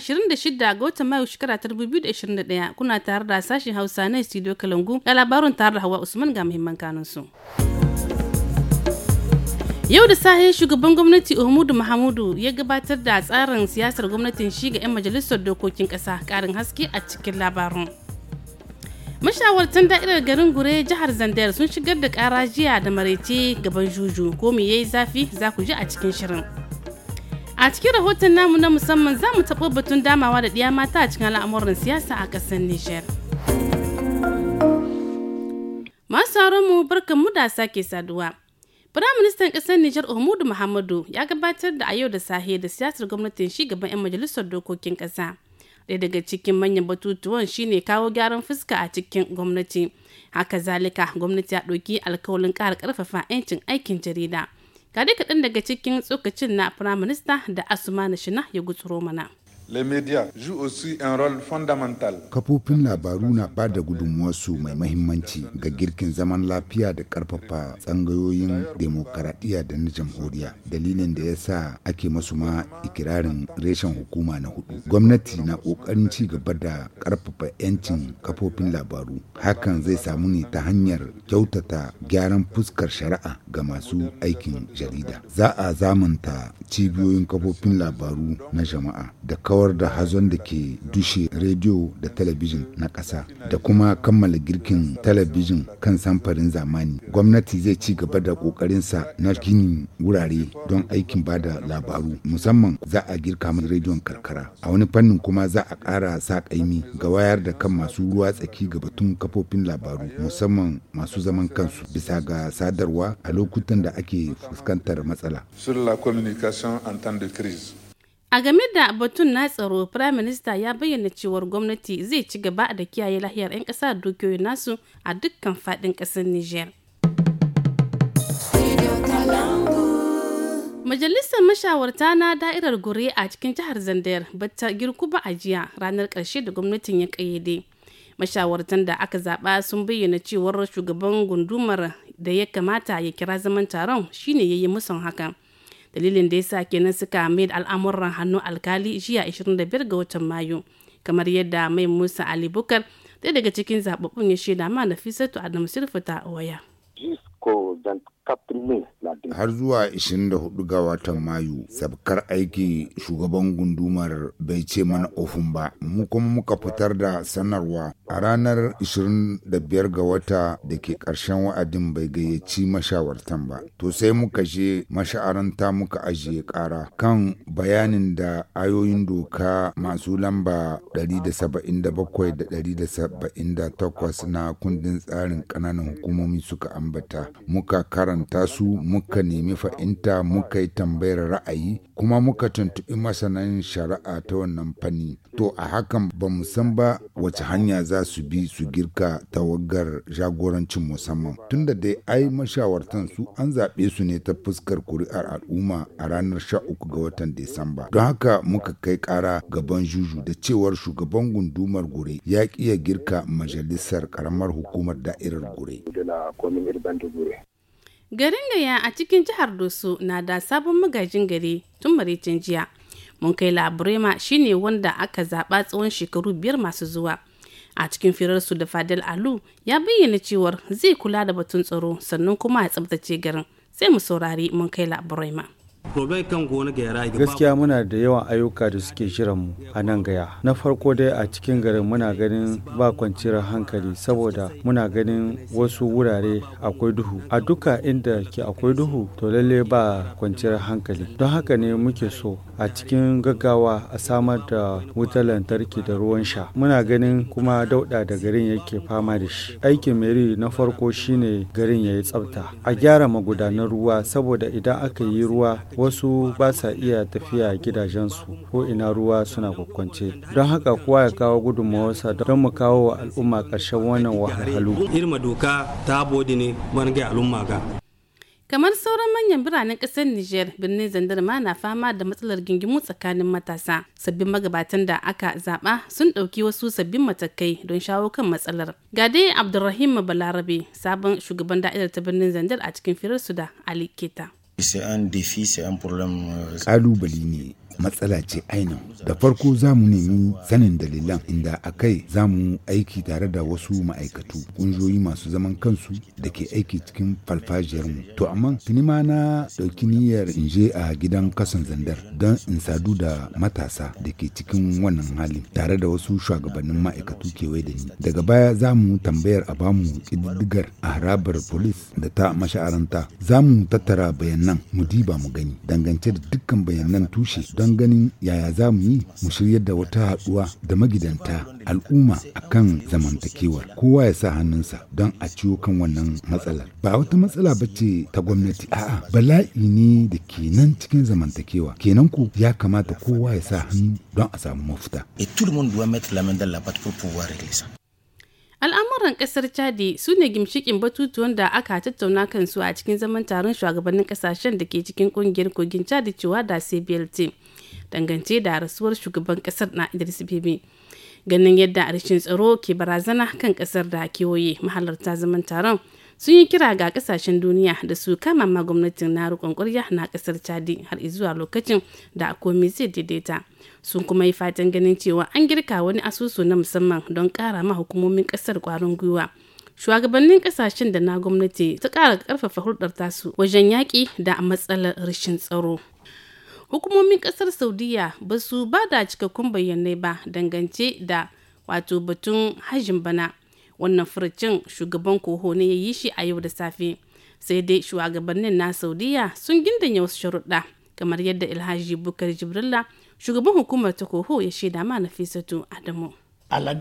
26 ga watan Mayu shekara ta 2021 kuna tare da sashen Hausa na Studio Kalangu ga labarin tare da Hawa Usman ga muhimman kanun su. Yau da sahe shugaban gwamnati Umudu Mahamudu ya gabatar da tsarin siyasar gwamnatin shi ga 'yan majalisar dokokin ƙasa ƙarin haske a cikin labarin. Mashawartan da'irar garin Gure jihar Zandar sun shigar da ƙara jiya da maraice gaban juju ko me yayi zafi za ku ji a cikin shirin. A cikin rahoton namu na musamman za mu taɓo batun damawa da ɗiya mata a cikin al'amuran siyasa a ƙasar Nijar. Masu mu barkan mu da sake saduwa. Firaministan ƙasar Nijar Umudu Muhammadu ya gabatar da a yau da sahe da siyasar gwamnatin shi gaban 'yan majalisar dokokin ƙasa. Ɗaya daga cikin manyan batutuwan shine kawo gyaran fuska a cikin gwamnati. Haka zalika gwamnati ya ɗauki alkawalin ƙara ƙarfafa 'yancin aikin jarida. Ga kaɗan daga cikin tsokacin na Firaminista da Asuma Shina ya gutsuro mana. Kafofin labaru na ba da gudunmuwarsu mai mahimmanci ga girkin zaman lafiya da karfafa tsangayoyin demokaradiyya da na jamhuriya. Dalilin da ya sa ake masu ma ikirarin reshen hukuma na hudu. Gwamnati na kokarin ci gaba da karfafa 'yancin kafofin labaru. Hakan zai samu ne ta hanyar kyautata gyaran fuskar shari'a ga masu aikin jarida. Za a zamanta cibiyoyin kafofin labaru na jama'a da kawar da hazon da ke dushe rediyo da talabijin na ƙasa da kuma kammala girkin talabijin kan samfarin zamani gwamnati zai ci gaba da ƙoƙarinsa na ginin wurare don aikin ba da labaru musamman za a girka min rediyon karkara a wani fannin kuma za a ƙara sa ƙaimi ga wayar da kan masu ruwa tsaki ga batun kafofin labaru musamman masu zaman kansu bisa ga sadarwa a lokutan da ake fuskantar matsala. Sur la communication en temps de crise. A game da batun na tsaro, Firaminista ya bayyana cewar gwamnati zai ci gaba da kiyaye lahiyar 'yan ƙasa a dukiyoyin nasu a dukkan faɗin ƙasar Nijar. Majalisar mashawarta na da'irar gure a cikin jihar Zandayar bata girku ba a jiya ranar ƙarshe da gwamnatin ya ƙayyade. Mashawartan da aka zaɓa sun bayyana cewar shugaban gundumar da ya kamata ya kira zaman taron shine ya yi musun hakan. dalilin da ya sa kenan suka mai da al'amuran hannun alkali jiya 25 ga watan mayu kamar yadda mai musa ali bukar ɗaya daga cikin zaɓaɓɓun ya shaida ma nafisatu adamu sirfata waya Har zuwa 24 ga watan Mayu, sabkar aiki shugaban gundumar bai ce mana ofin ba, mu kuma muka fitar da sanarwa a ranar 25 ga wata da ke ƙarshen wa'adin bai gayyaci mashawartan ba. To sai muka je masha'aranta muka ajiye ƙara kan bayanin da ayoyin doka masu lamba 177 da 178 na kundin tsarin ƙananan hukumomi suka ambata. Muka kara karanta su muka nemi fa'inta muka yi tambayar ra'ayi kuma muka tuntuɓi masanan shari'a ta wannan fanni to a hakan ba mu san ba wace hanya za su bi su girka tawagar jagorancin musamman tunda dai ai mashawartan su an zaɓe su ne ta fuskar kuri'ar al'umma a ranar sha uku ga watan Disamba don haka muka kai ƙara gaban juju da cewar shugaban gundumar gure ya ƙi ya girka majalisar ƙaramar hukumar da'irar gure. Garin Gaya a cikin jihar Doso na da sabon magajin gari tun maricin jiya. Mun kai Laburema shine wanda aka zaɓa tsawon shekaru biyar masu zuwa. A cikin firarsu da Fadil Alu ya bayyana cewar zai kula da batun tsaro sannan kuma a tsabtace garin. Sai mu saurari mun kai Laburema. gaskiya muna da yawan ayyuka da suke mu a nan gaya na farko dai a cikin garin muna ganin ba kwanciyar hankali saboda muna ganin wasu wurare akwai duhu a duka inda ke akwai duhu to lalle ba kwanciyar hankali don haka ne muke so a cikin gaggawa a samar da wutar lantarki da ruwan sha muna ganin kuma dauda da garin yake fama da shi aikin meri na farko shine garin ya yi tsafta a gyara magudanan ruwa saboda idan aka yi ruwa wasu ba sa iya tafiya gidajensu ko ina ruwa suna kwakwance don haka kowa ya kawo gudunmawarsa don mu kawo wa al'umma ƙarshen wannan wahalhalu irma doka ta bodi ne ga al'umma ga kamar sauran manyan biranen kasar niger birnin zandarma na fama da matsalar gingimu tsakanin matasa sabbin magabatan da aka zaba sun ɗauki wasu sabbin matakai don shawo kan matsalar ga dai abdulrahim balarabe sabon shugaban da'idar ta birnin zandar a cikin su da ali keta C'est un défi, c'est un problème... Euh, matsala ce ainihin da farko za mu nemi sanin dalilan inda a kai za mu aiki tare da wasu ma'aikatu ƙungiyoyi masu zaman kansu da ke aiki cikin mu to amma tuni ma na ɗauki niyyar in je a gidan kasan zandar don in sadu da matasa da ke cikin wannan hali. tare da wasu shugabannin ma'aikatu kewaye da ni daga baya za mu tambayar a bamu ƙididdigar a harabar polis da ta masha'aranta za mu tattara bayanan mu diba mu gani dangance da dukkan bayanan tushe don don ganin yaya za mu yi mu shiryar da wata haɗuwa da magidanta al'umma a kan zamantakewar kowa ya sa hannunsa don a ciwo kan wannan matsalar ba wata matsala ba ce ta gwamnati a'a bala'i ne da ke nan cikin zamantakewa kenan ku ya kamata kowa ya sa hannu don a samu mafita al'amuran kasar chadi su ne gimshikin batutuwan da aka tattauna kansu a cikin zaman taron shugabannin kasashen da ke cikin kungiyar kogin chadi cewa da cblt dangance da rasuwar shugaban kasar na idris bibi ganin yadda arshin tsaro ke barazana kan kasar da kewaye mahalarta zaman taron sun yi kira ga kasashen duniya da su kama ma gwamnatin na rukun kwarya na ƙasar chadi har zuwa lokacin da komai zai daidaita sun kuma yi fatan ganin cewa an girka wani asusu na musamman don ƙara ma hukumomin ƙasar kwarin gwiwa shugabannin ƙasashen da na gwamnati ta kara ƙarfafa hulɗar tasu wajen yaƙi da matsalar rashin tsaro hukumomin ƙasar saudiya ba su ba da cikakkun bayanai ba dangance da wato batun hajjin bana wannan furucin shugaban koho ne ya yi shi a yau da safe sai dai shugabannin na saudiya sun gindanya wasu sharuɗa kamar yadda ilhaji bukar jibrilla shugaban hukumar ta koho ya shaida ma nafisatu adamu à la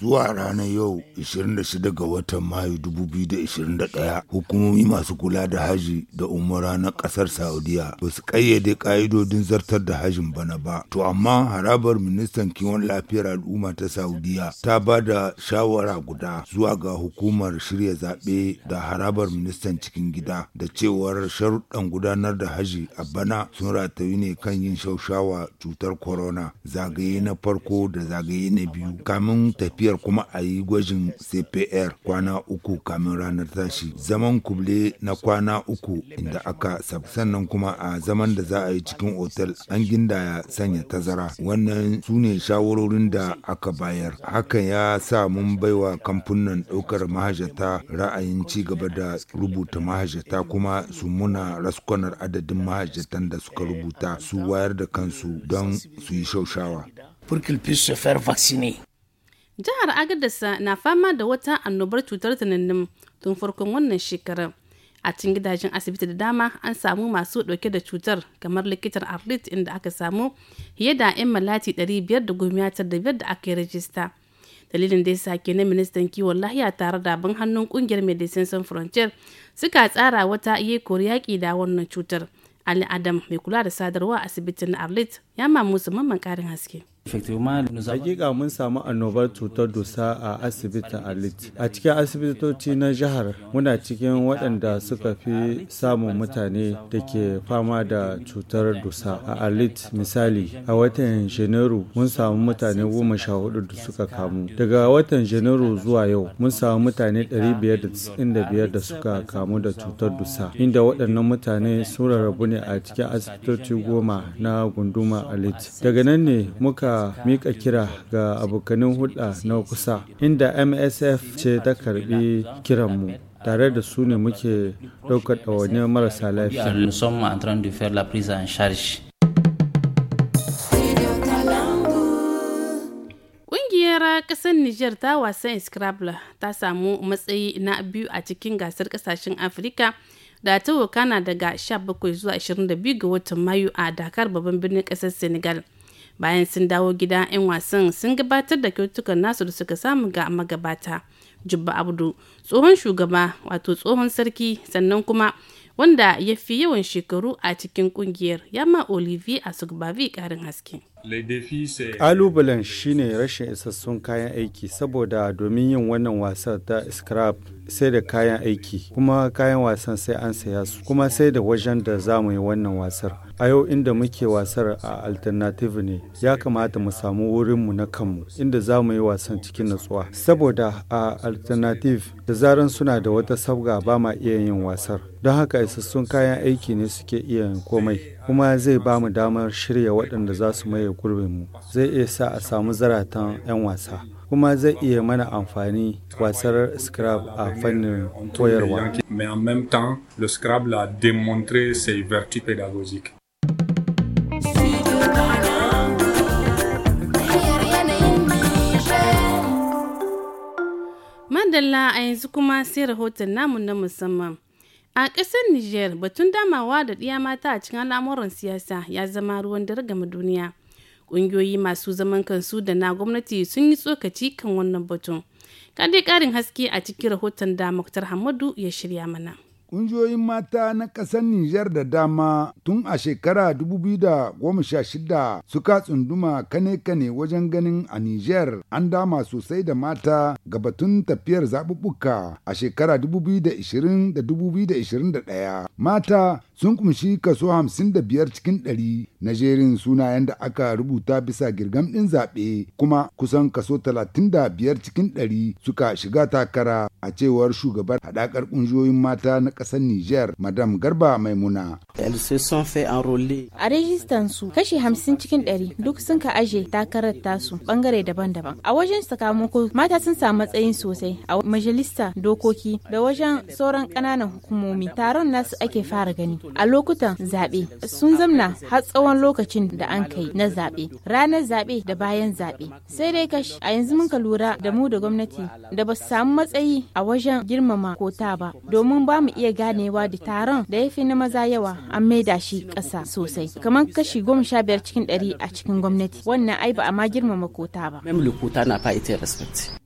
Zuwa ranar yau 26 ga watan Mayu 2021 hukumomi masu kula da haji da umara na kasar Saudiya ba su kayyade ka'idodin zartar da hajin bana ba. To amma harabar ministan kiwon lafiyar al'umma ta Saudiya ta ba da shawara guda zuwa ga hukumar shirya zaɓe da harabar ministan cikin gida da cewar sharuɗan gudanar da haji a bana sun ratayi ne kan yin shaushawa cutar corona zagaye na farko da zagaye na biyu kamin tafiyar kuma a yi gwajin cpr kwana uku kamin ranar tashi zaman kuble na kwana uku inda aka sab sannan kuma a zaman da za a yi cikin otal an gindaya sanya tazara wannan su ne shawarorin da aka bayar hakan ya sa mun baiwa kamfunan ɗaukar mahajata ra'ayin ci gaba da rubuta mahajata kuma su muna raskonar adadin mahajatan da suka rubuta su wayar da kansu don su yi shaushawa pour qu'il puisse se faire vacciner. Jihar Agadasa na fama da wata annobar cutar tunanin tun farkon wannan shekarar. A cikin gidajen asibiti da dama an samu masu dauke da cutar kamar likitar Arlit inda aka samu fiye da 'yan malati biyar da aka yi rajista. dalilin da sake na ministan kiwon lahiya tare da ban hannun kungiyar medecines sans frontier suka tsara wata yekor yaki da wannan cutar ali adam mai kula da sadarwa asibitin arlit ya mamu musamman karin haske Hakika mun samu annobar cutar dusa a asibiti Alit. A cikin asibitoci na jihar muna cikin waɗanda suka fi samun mutane da ke fama da cutar dusa. A Alit misali a watan Janairu mun samu mutane goma sha hudu da suka kamu. Daga watan Janairu zuwa yau mun samu mutane 595 da suka kamu da cutar dusa. Inda waɗannan mutane sun rarrabu ne a cikin asibitoci goma na gunduma Alit. Daga nan ne muka mika kira ga abokanin hulɗa na kusa inda msf ce ta karbi kiranmu tare da su ne muke ɗaukar ɗawani marasa lafiya Ƙungiyar ƙasar Nijar ta wasan Scrabble ta samu matsayi na biyu a cikin gasar kasashen Afirka da ta wakana daga 17 zuwa 22 ga watan Mayu a Dakar babban birnin ƙasar Senegal. bayan sun dawo gida 'yan wasan sun gabatar da kyautukan nasu da suka samu ga magabata jubba abdu tsohon shugaba wato tsohon sarki sannan kuma wanda ya fi yawan shekaru a cikin kungiyar yamma olivier asugbavi karin haske kalubalen shine rashin isassun kayan aiki saboda domin yin wannan wasan ta scrap sai da kayan aiki kuma kayan wasan sai an saya su kuma sai da wajen da za mu yi wannan wasar a yau inda muke wasar a alternative ne ya kamata mu samu wurinmu na kanmu inda za mu yi wasan cikin natsuwa saboda a alternative da zaran suna da wata sabga ba ma iya yin wasar don haka isassun kayan aiki ne suke iya yin komai kuma zai ba mu damar shirya waɗanda za su maye gurbinmu zai iya sa a samu zaratan 'yan wasa kuma zai iya mana amfani wasar scrap a fannin koyarwa. Mais en même temps, le alhamdulillah a yanzu kuma sai rahoton namu na musamman a ƙasar niger batun damawa da ɗiya mata a cikin al'amuran siyasa ya zama ruwan dare game duniya ƙungiyoyi masu zaman kansu da na gwamnati sun yi tsokaci kan wannan batun ka dai ƙarin haske a cikin rahoton da muktar hamadu ya shirya mana Ƙungiyoyin mata na ƙasar Nijar da dama tun a shekara 2016 suka tsunduma kane-kane wajen ganin a Nijar an dama sosai da mata ga batun tafiyar zaɓuɓɓuka a shekara 2020 da 2021. Mata sun kumshi kaso 55 cikin 100 na jerin sunayen da aka rubuta bisa girgam ɗin zaɓe kuma kusan kaso 35 cikin 100 suka shiga takara a cewar shugabar haɗakar ƙungiyoyin mata na ƙasar Nijar, Madam Garba Maimuna. elles se sont fait enrôler. A rijistan su kashi hamsin cikin ɗari duk sun ka aje takarar tasu bangare daban-daban. A wajen sakamako mata sun samu matsayin sosai a majalisa dokoki da wajen sauran ƙananan hukumomi taron nasu ake fara gani. A lokutan zaɓe sun zamna har tsawon lokacin da an kai na zaɓe ranar zaɓe da bayan zaɓe. Sai dai kashi a yanzu mun ka lura da mu da gwamnati da ba su samu matsayi a wajen girmama kota ba domin ba mu iya ganewa da taron da ya fi na maza yawa an maida shi ƙasa sosai kamar kashi goma sha biyar cikin ɗari a cikin gwamnati wannan ai ba a ma girmama kota ba.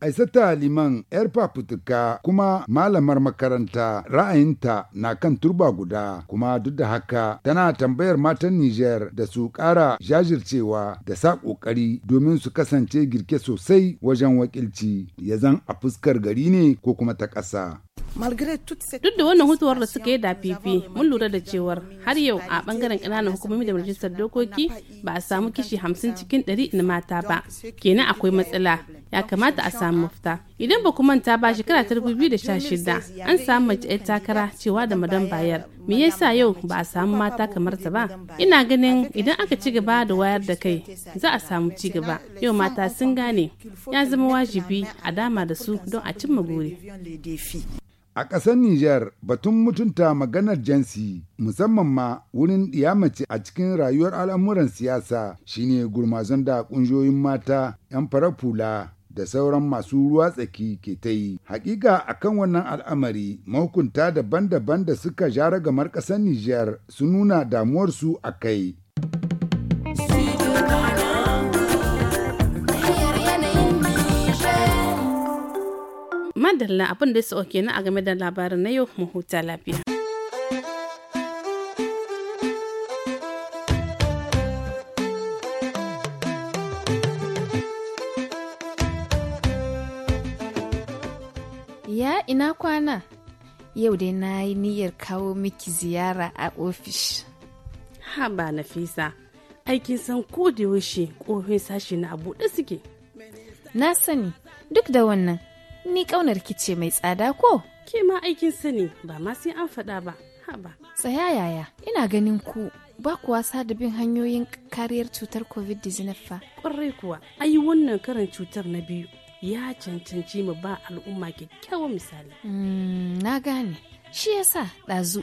Aisata Liman yar fafutuka kuma malamar makaranta ra'ayinta na kan turba guda kuma duk da haka tana tambayar matan Nijar da su ƙara jajircewa da sa ƙoƙari domin su kasance girke sosai wajen wakilci ya zan a fuskar gari ne ko kuma ta ƙasa. duk da wannan hutuwar da suka yi da fifi mun lura da cewar har yau a bangaren kananan hukumomi da majalisar dokoki ba a samu kishi hamsin cikin ɗari na mata ba kenan akwai matsala ya kamata a samu mafita idan ba manta ba shekara ta euh, shida an samu mace 'yar takara cewa da madan bayar euh, me yasa yau ba a samu mata kamar ta ba ina ganin idan aka ci gaba da wayar da kai za a samu ci gaba yau mata sun gane ya zama wajibi a dama da su don a cimma guri A ƙasar Nijar batun mutunta maganar Jansi, musamman ma wurin ɗiyamace a cikin rayuwar al'amuran siyasa shine gurmazon da ƙungiyoyin mata 'yan farar fula da sauran masu ruwa tsaki ke ta yi. Hakika kan wannan al'amari mahukunta daban-daban da suka jara gamar ƙasar Nijar su nuna damuwarsu a kai. madalla abin da su kenan a game da labarin na yau mu huta lafiya. Ya ina kwana? Yau dai na yi niyyar kawo miki ziyara a ofis. Ha ba Nafisa, aikin san ko da yaushe ƙofin sashi na abu buɗe suke. Na sani, duk da wannan ni ƙaunar ki ce mai tsada ko? Ke ma aikin sani ba ma sai an faɗa ba, haba. Tsaya yaya, ina ganin ku ba ku wasa da bin hanyoyin kariyar cutar covid-19 fa. Ƙwarai kuwa, ayi wannan karin cutar na biyu ya cancanci mu ba al'umma kyakkyawan misali. Hmm, na gane, shi yasa ɗazu